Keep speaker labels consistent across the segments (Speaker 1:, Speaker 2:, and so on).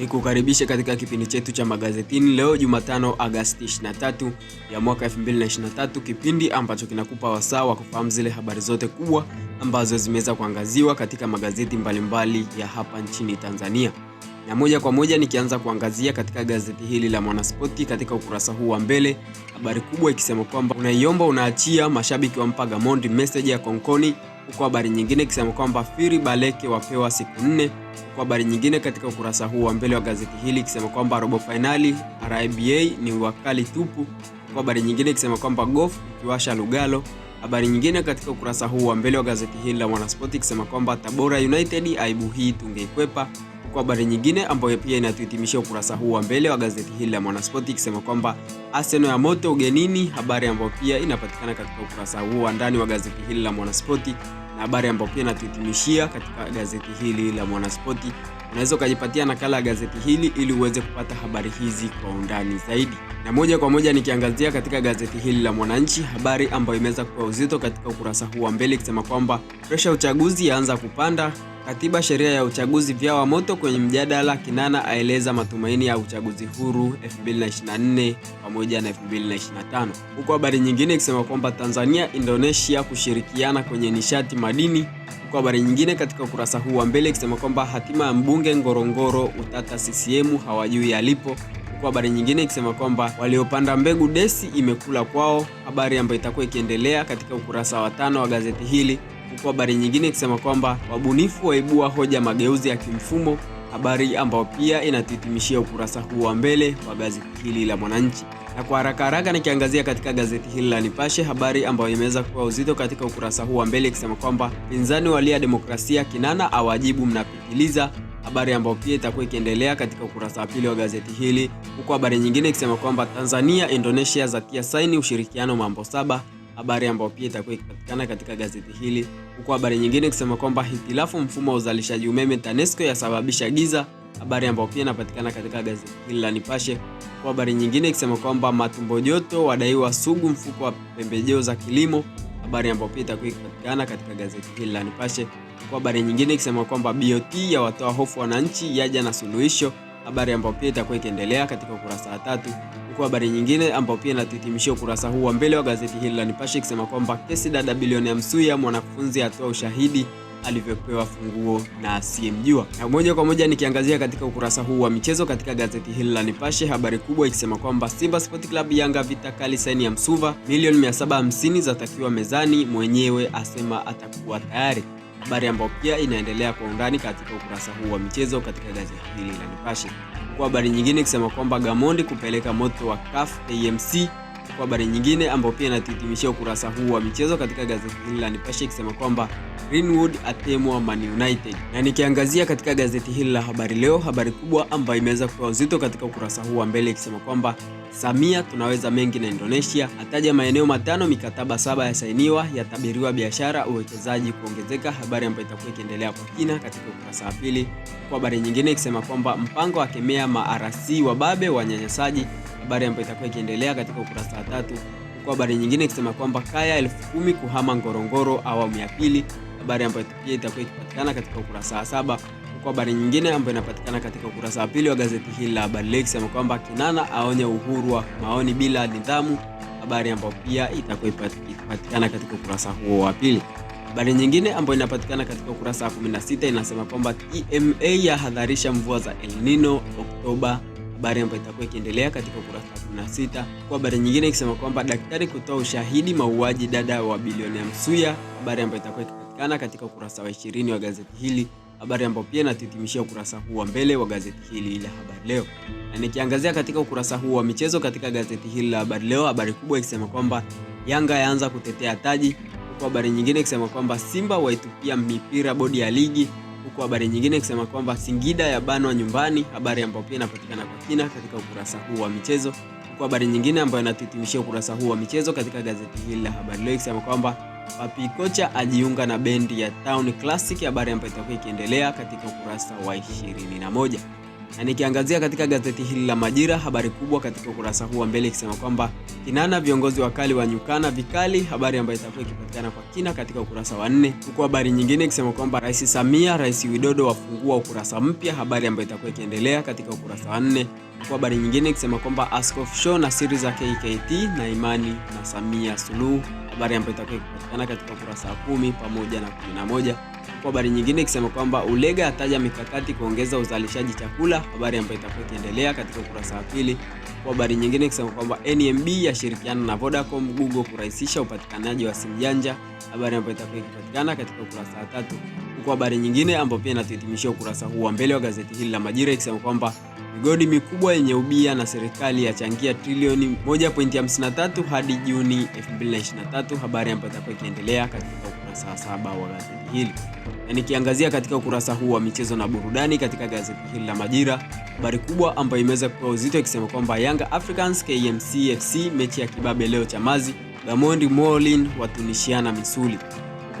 Speaker 1: ni kukaribisha katika kipindi chetu cha magazetini leo Jumatano Agasti 23 ya mwaka 2023, kipindi ambacho kinakupa wasaa wa kufahamu zile habari zote kubwa ambazo zimeweza kuangaziwa katika magazeti mbalimbali mbali ya hapa nchini Tanzania. Na moja kwa moja nikianza kuangazia katika gazeti hili la Mwanaspoti katika ukurasa huu wa mbele, habari kubwa ikisema kwamba unaiomba unaachia mashabiki wa Mpagamondi message ya Konkoni huko habari nyingine ikisema kwamba Firi Baleke wapewa siku nne, huko habari nyingine katika ukurasa huu wa mbele wa gazeti hili ikisema kwamba robo fainali RIBA ni wakali tupu, huko habari nyingine ikisema kwamba Gof ikiwasha Lugalo. Habari nyingine katika ukurasa huu wa mbele wa gazeti hili la Mwanaspoti ikisema kwamba Tabora United aibu hii tungeikwepa kwa habari nyingine ambayo pia inatuhitimisha ukurasa huu wa mbele wa gazeti hili la Mwanaspoti ikisema kwamba Arsenal ya moto ugenini, habari ambayo pia inapatikana katika ukurasa huu wa ndani wa gazeti hili la Mwanaspoti habari ambayo pia natuhitimishia katika gazeti hili la Mwanaspoti. Unaweza ukajipatia nakala ya gazeti hili ili uweze kupata habari hizi kwa undani zaidi. Na moja kwa moja nikiangazia katika gazeti hili la Mwananchi, habari ambayo imeweza kuwa uzito katika ukurasa huu wa mbele ikisema kwamba presha uchaguzi yaanza kupanda Katiba sheria ya uchaguzi vyawa moto kwenye mjadala. Kinana aeleza matumaini ya uchaguzi huru 224 pamoja na 225 huku habari nyingine ikisema kwamba Tanzania Indonesia kushirikiana kwenye nishati madini, huku habari nyingine katika ukurasa huu wa mbele ikisema kwamba hatima ya mbunge Ngorongoro utata CCM hawajui yalipo habari nyingine ikisema kwamba waliopanda mbegu desi imekula kwao, habari ambayo itakuwa ikiendelea katika ukurasa wa tano wa gazeti hili huku habari nyingine ikisema kwamba wabunifu waibua hoja mageuzi ya kimfumo, habari ambayo pia inatitimishia ukurasa huu wa mbele wa gazeti hili la Mwananchi. Na kwa haraka haraka nikiangazia katika gazeti hili la Nipashe, habari ambayo imeweza kuwa uzito katika ukurasa huu wa mbele ikisema kwamba pinzani walia demokrasia, Kinana awajibu mnapitiliza habari ambayo pia itakuwa ikiendelea katika ukurasa wa pili wa gazeti hili, huku habari nyingine ikisema kwamba Tanzania Indonesia zatia saini ushirikiano mambo saba, habari ambayo pia itakuwa ikipatikana katika gazeti hili, huku habari nyingine ikisema kwamba hitilafu mfumo wa uzalishaji umeme TANESCO yasababisha giza, habari ambayo pia inapatikana katika gazeti hili la Nipashe, huku habari nyingine ikisema kwamba matumbo joto wadaiwa sugu mfuko wa pembejeo za kilimo, habari ambayo pia itakuwa ikipatikana katika gazeti hili la Nipashe, huku habari nyingine ikisema kwamba BOT yawatoa hofu wananchi yaja na suluhisho, habari ambayo pia itakuwa ikiendelea katika ukurasa wa tatu kwa habari nyingine ambayo pia inatuhitimishia ukurasa huu wa mbele wa gazeti hili la Nipashe ikisema kwamba kesi dada bilioni ya Msuya mwanafunzi atoa ushahidi alivyopewa funguo na asiyemjua. Na moja kwa moja nikiangazia katika ukurasa huu wa michezo katika gazeti hili la Nipashe, habari kubwa ikisema kwamba Simba Sport Club Yanga vita kali saini ya Msuva, milioni 750 zatakiwa mezani, mwenyewe asema atakuwa tayari habari ambayo pia inaendelea kwa undani katika ukurasa huu wa michezo katika gazeti hili la Nipashe. Kwa habari nyingine ikisema kwamba Gamondi kupeleka moto wa CAF AMC kwa habari nyingine ambayo pia inatuhitimishia ukurasa huu wa michezo katika gazeti hili la Nipashe ikisema kwamba Greenwood atemwa Man United. Na nikiangazia katika gazeti hili la Habari Leo, habari kubwa ambayo imeweza kupewa uzito katika ukurasa huu wa mbele ikisema kwamba Samia tunaweza mengi na Indonesia, ataja maeneo matano, mikataba saba yasainiwa, yatabiriwa biashara, uwekezaji kuongezeka, habari ambayo itakuwa ikiendelea kwa kina katika ukurasa wa pili, kwa habari nyingine ikisema kwamba Mpango akemea maarasi RC wababe wanyanyasaji habari ambayo itakuwa ikiendelea katika ukurasa wa tatu, huku habari nyingine ikisema kwamba kaya elfu kumi kuhama Ngorongoro awamu ya pili, habari ambayo pia itakuwa ikipatikana katika ukurasa wa saba, huku habari nyingine ambayo inapatikana katika ukurasa wa pili wa gazeti hili la Habari Leo ikisema kwamba Kinana aonye uhuru wa maoni bila nidhamu, habari ambayo pia itakuwa ikipatikana katika ukurasa huo wa pili. Habari nyingine ambayo inapatikana katika ukurasa wa 16 inasema kwamba TMA yahadharisha mvua za El Nino Oktoba habari ambayo itakuwa ikiendelea katika ukurasa wa 16, kwa habari nyingine ikisema kwamba daktari kutoa ushahidi mauaji dada wa bilionea Msuya, habari ambayo itakuwa ikipatikana katika ukurasa wa 20 wa gazeti hili, habari ambayo pia inatitimishia ukurasa huu wa mbele wa gazeti hili la Habari Leo. Na nikiangazia katika ukurasa huu wa michezo katika gazeti hili la Habari Leo, habari kubwa ikisema kwamba Yanga yaanza kutetea taji, huku habari nyingine ikisema kwamba Simba waitupia mipira bodi ya ligi huku habari nyingine ikisema kwamba Singida ya banwa nyumbani, habari ambayo pia inapatikana kwa kina katika ukurasa huu wa michezo, huku habari nyingine ambayo inatuhitimishia ukurasa huu wa michezo katika gazeti hili la Habari Leo ikisema kwamba Papi Kocha ajiunga na bendi ya Town Classic, habari ambayo itakuwa ikiendelea katika ukurasa wa 21. Na nikiangazia katika gazeti hili la Majira, habari kubwa katika ukurasa huu wa mbele ikisema kwamba Kinana, viongozi wakali wanyukana vikali, habari ambayo itakuwa ikipatikana kwa kina katika ukurasa wa nne, huku habari nyingine ikisema kwamba Rais Samia, Rais Widodo wafungua ukurasa mpya, habari ambayo itakuwa ikiendelea katika ukurasa wa nne huku habari nyingine ikisema kwamba Askofu na siri za KKT na imani na Samia Suluhu, habari ambayo itakuwa ikipatikana katika ukurasa wa kumi pamoja na kumi na moja kwa habari nyingine ikisema kwamba Ulega ataja mikakati kuongeza uzalishaji chakula, habari ambayo itakuwa ikiendelea katika ukurasa wa pili. Kwa habari nyingine ikisema kwamba NMB yashirikiana na Vodacom, Google kurahisisha upatikanaji wa simu janja, habari ambayo itakuwa ikipatikana katika ukurasa wa tatu. Kwa habari nyingine ambayo pia inatuhitimishia ukurasa huu wa mbele wa gazeti hili la Majira ikisema kwamba migodi mikubwa yenye ubia na serikali yachangia trilioni 1.53 hadi Juni 2023, habari ambayo itakuwa ikiendelea katika saa saba wa gazeti hili, na nikiangazia katika ukurasa huu wa michezo na burudani katika gazeti hili la Majira, habari kubwa ambayo imeweza kupewa uzito ikisema kwamba Yanga Africans KMC FC mechi ya kibabe leo Chamazi, Gamondi Molin watunishiana misuli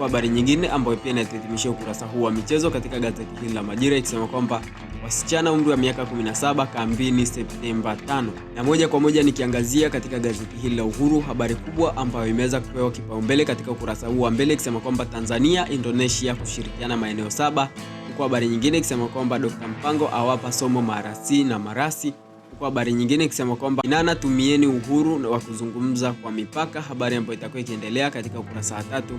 Speaker 1: kwa habari nyingine ambayo pia inahitimisha ukurasa huu wa michezo katika gazeti hili la Majira ikisema kwamba wasichana umri wa miaka 17 kambini Septemba 5. Na moja kwa moja nikiangazia katika gazeti hili la Uhuru, habari kubwa ambayo imeweza kupewa kipaumbele katika ukurasa huu wa mbele ikisema kwamba Tanzania Indonesia kushirikiana maeneo saba, huku habari nyingine ikisema kwamba Dr. Mpango awapa somo marasi na marasi kwa habari nyingine ikisema kwamba inana tumieni uhuru wa kuzungumza kwa mipaka, habari ambayo itakuwa ikiendelea katika ukurasa wa tatu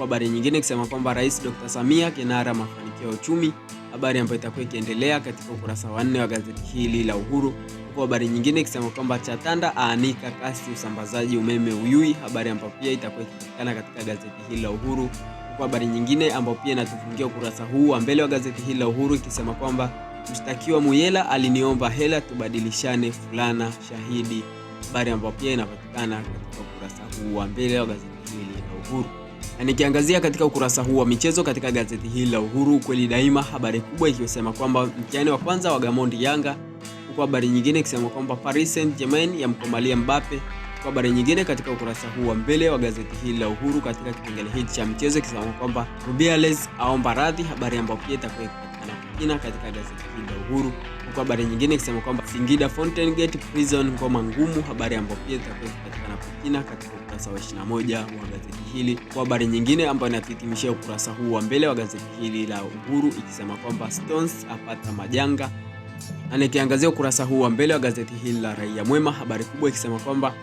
Speaker 1: kwa habari nyingine kusema kwamba Rais Dr. Samia kinara mafanikio ya uchumi, habari ambayo itakuwa ikiendelea katika ukurasa wa nne wa gazeti hili la Uhuru, Kwa habari nyingine ikisema kwamba Chatanda aanika kasi usambazaji umeme Uyui, habari ambayo pia itakuwa ikipatikana katika gazeti hili la Uhuru, Kwa habari nyingine ambayo pia inatufungia ukurasa huu wa mbele wa gazeti hili la Uhuru ikisema kwamba mshtakiwa Muyela aliniomba hela tubadilishane fulana shahidi, habari ambayo pia inapatikana katika ukurasa huu wa mbele wa gazeti hili la Uhuru na nikiangazia katika ukurasa huu wa michezo katika gazeti hili la Uhuru ukweli daima, habari kubwa ikisema kwamba mtihani wa kwanza wa Gamondi Yanga, huku habari nyingine ikisema kwamba Paris Saint-Germain yamkomalia Mbappe. Kwa habari nyingine katika ukurasa huu wa mbele wa gazeti hili la Uhuru katika kipengele hiki cha michezo ikisema kwamba Rubiales aomba radhi, habari ambayo pia itakuwa ikipatikana kwa kina katika gazeti hili la Uhuru kwa habari nyingine ikisema kwamba Singida Fountain Gate Prison ngoma ngumu, habari ambayo pia itakuwa ikipatikana kwa kina katika ukurasa wa 21 wa gazeti hili, kwa habari nyingine ambayo inatuhitimishia ukurasa huu wa mbele wa gazeti hili la Uhuru ikisema kwamba Stones apata majanga na nikiangazia ukurasa huu wa mbele wa gazeti hili la Raia Mwema, habari kubwa ikisema kwamba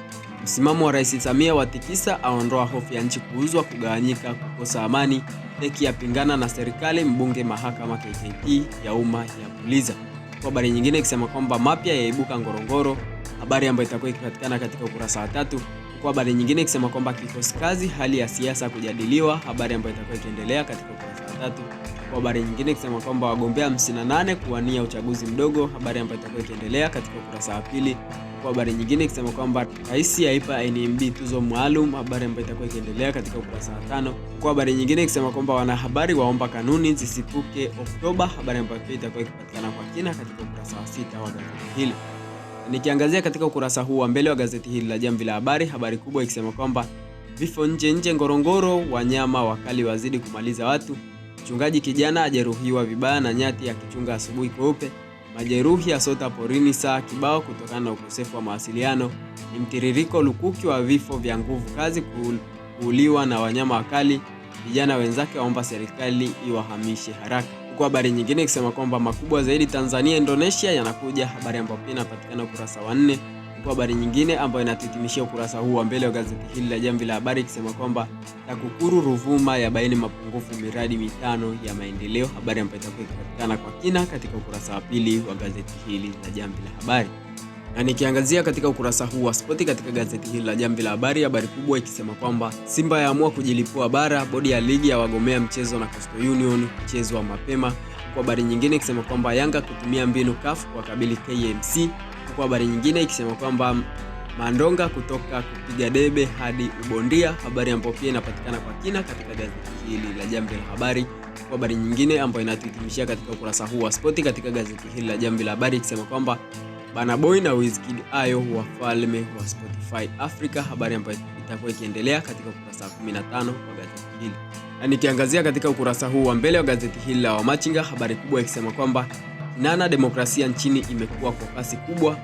Speaker 1: msimamo wa Rais Samia watikisa, aondoa hofu ya nchi kuuzwa, kugawanyika, kukosa amani, teki yapingana na serikali, mbunge mahakama KKT ya umma ya kuliza habari nyingine ikisema kwamba mapya yaibuka Ngorongoro, habari ambayo itakuwa ikipatikana katika ukurasa wa tatu kwa habari nyingine ikisema kwamba kikosi kazi hali ya siasa kujadiliwa, habari ambayo itakuwa ikiendelea katika ukurasa wa tatu. Kwa habari nyingine ikisema kwamba wagombea 58 kuwania uchaguzi mdogo, habari ambayo itakuwa ikiendelea katika ukurasa wa pili kwa habari nyingine ikisema kwamba rais aipa NMB tuzo maalum, habari ambayo itakuwa ikiendelea katika ukurasa wa tano. Kwa habari nyingine ikisema kwamba wanahabari waomba kanuni zisipuke Oktoba, habari ambayo pia itakuwa ikipatikana kwa kina katika ukurasa wa sita wa gazeti hili. Nikiangazia katika ukurasa huu wa mbele wa gazeti hili la Jamvi la Habari, habari kubwa ikisema kwamba vifo nje nje Ngorongoro, wanyama wakali wazidi kumaliza watu, mchungaji kijana ajeruhiwa vibaya na nyati akichunga asubuhi kweupe majeruhi ya Sota porini saa kibao kutokana na ukosefu wa mawasiliano. Ni mtiririko lukuki wa vifo vya nguvu kazi, kuuliwa na wanyama wakali. Vijana wenzake waomba serikali iwahamishe haraka, huku habari nyingine ikisema kwamba makubwa zaidi Tanzania Indonesia yanakuja, habari ambayo pia inapatikana ukurasa wa nne, huku habari nyingine ambayo inatuhitimishia ukurasa huu wa mbele wa gazeti hili la Jamvi la Habari ikisema kwamba TAKUKURU Ruvuma yabaini mapungufu miradi mitano ya maendeleo. Habari ambayo itakuwa ikipatikana kwa kina katika ukurasa wa pili wa gazeti hili la Jamvi la Habari. Na nikiangazia katika ukurasa huu wa spoti katika gazeti hili la Jamvi la Habari, habari kubwa ikisema kwamba Simba yaamua kujilipua bara, bodi ya ligi yawagomea mchezo na Coastal Union wa mapema, Kwa habari nyingine ikisema kwamba Yanga kutumia mbinu CAF kabili KMC, Kwa habari nyingine ikisema kwamba Mandonga kutoka kupiga debe hadi ubondia, habari ambayo pia inapatikana kwa kina katika gazeti hili la Jamvi la Habari, kwa habari nyingine ambayo inatuhitimishia katika ukurasa huu wa spoti katika gazeti hili la Jamvi la Habari ikisema kwamba Bana Boy na Wizkid ayo wafalme wa Spotify Africa, habari ambayo itakuwa ikiendelea katika ukurasa wa 15 wa gazeti hili. Na nikiangazia katika ukurasa huu wa mbele wa gazeti hili la Wamachinga, habari kubwa ikisema kwamba nana demokrasia nchini imekuwa kwa kasi kubwa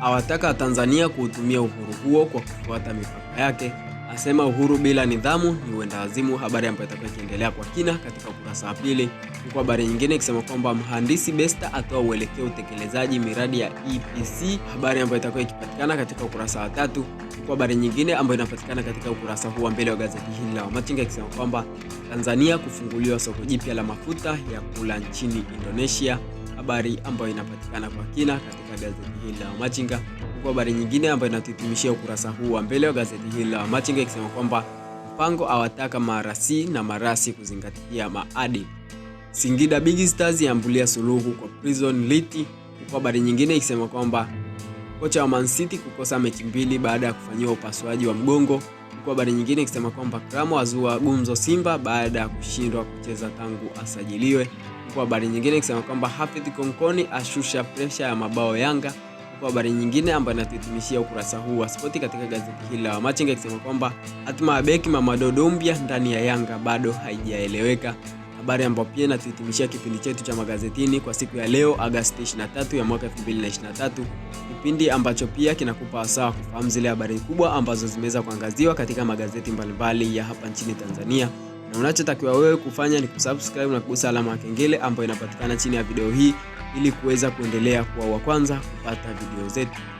Speaker 1: awataka tanzania kuutumia uhuru huo kwa kufuata mipaka yake. Asema uhuru bila nidhamu ni uendawazimu, habari ambayo itakuwa ikiendelea kwa kina katika ukurasa wa pili, huku habari nyingine ikisema kwamba mhandisi Besta atoa uelekeo utekelezaji miradi ya EPC, habari ambayo itakuwa ikipatikana katika ukurasa wa tatu, huku habari nyingine ambayo inapatikana katika ukurasa huu wa mbele wa gazeti hili la Wamachinga ikisema kwamba Tanzania kufunguliwa soko jipya la mafuta ya kula nchini Indonesia habari ambayo inapatikana kwa kina katika gazeti hili la Wamachinga, huku habari nyingine ambayo inatuhitimishia ukurasa huu wa mbele wa gazeti hili la Wamachinga ikisema kwamba Mpango awataka marasi na marasi kuzingatia maadili. Singida Big Stars yambulia suluhu kwa Prison Liti, huku habari nyingine ikisema kwamba kocha wa Man City kukosa mechi mbili baada ya kufanyiwa upasuaji wa mgongo, huku habari nyingine ikisema kwamba Kramo azua gumzo Simba baada ya kushindwa kucheza tangu asajiliwe huku habari nyingine ikisema kwamba Hafidh Konkoni ashusha presha ya mabao Yanga, huku habari nyingine ambayo inatuhitimishia ukurasa huu wa spoti katika gazeti hili la Wamachinga ikisema kwamba hatima ya beki Mamadodombia ndani ya Yanga bado haijaeleweka, habari ambayo pia inatuhitimishia kipindi chetu cha magazetini kwa siku ya leo Agosti 23 ya mwaka 2023, kipindi ambacho pia kinakupa wasaa kufahamu zile habari kubwa ambazo zimeweza kuangaziwa katika magazeti mbalimbali ya hapa nchini Tanzania na unachotakiwa wewe kufanya ni kusubscribe na kugusa alama ya kengele ambayo inapatikana chini ya video hii ili kuweza kuendelea kuwa wa kwanza kupata video zetu.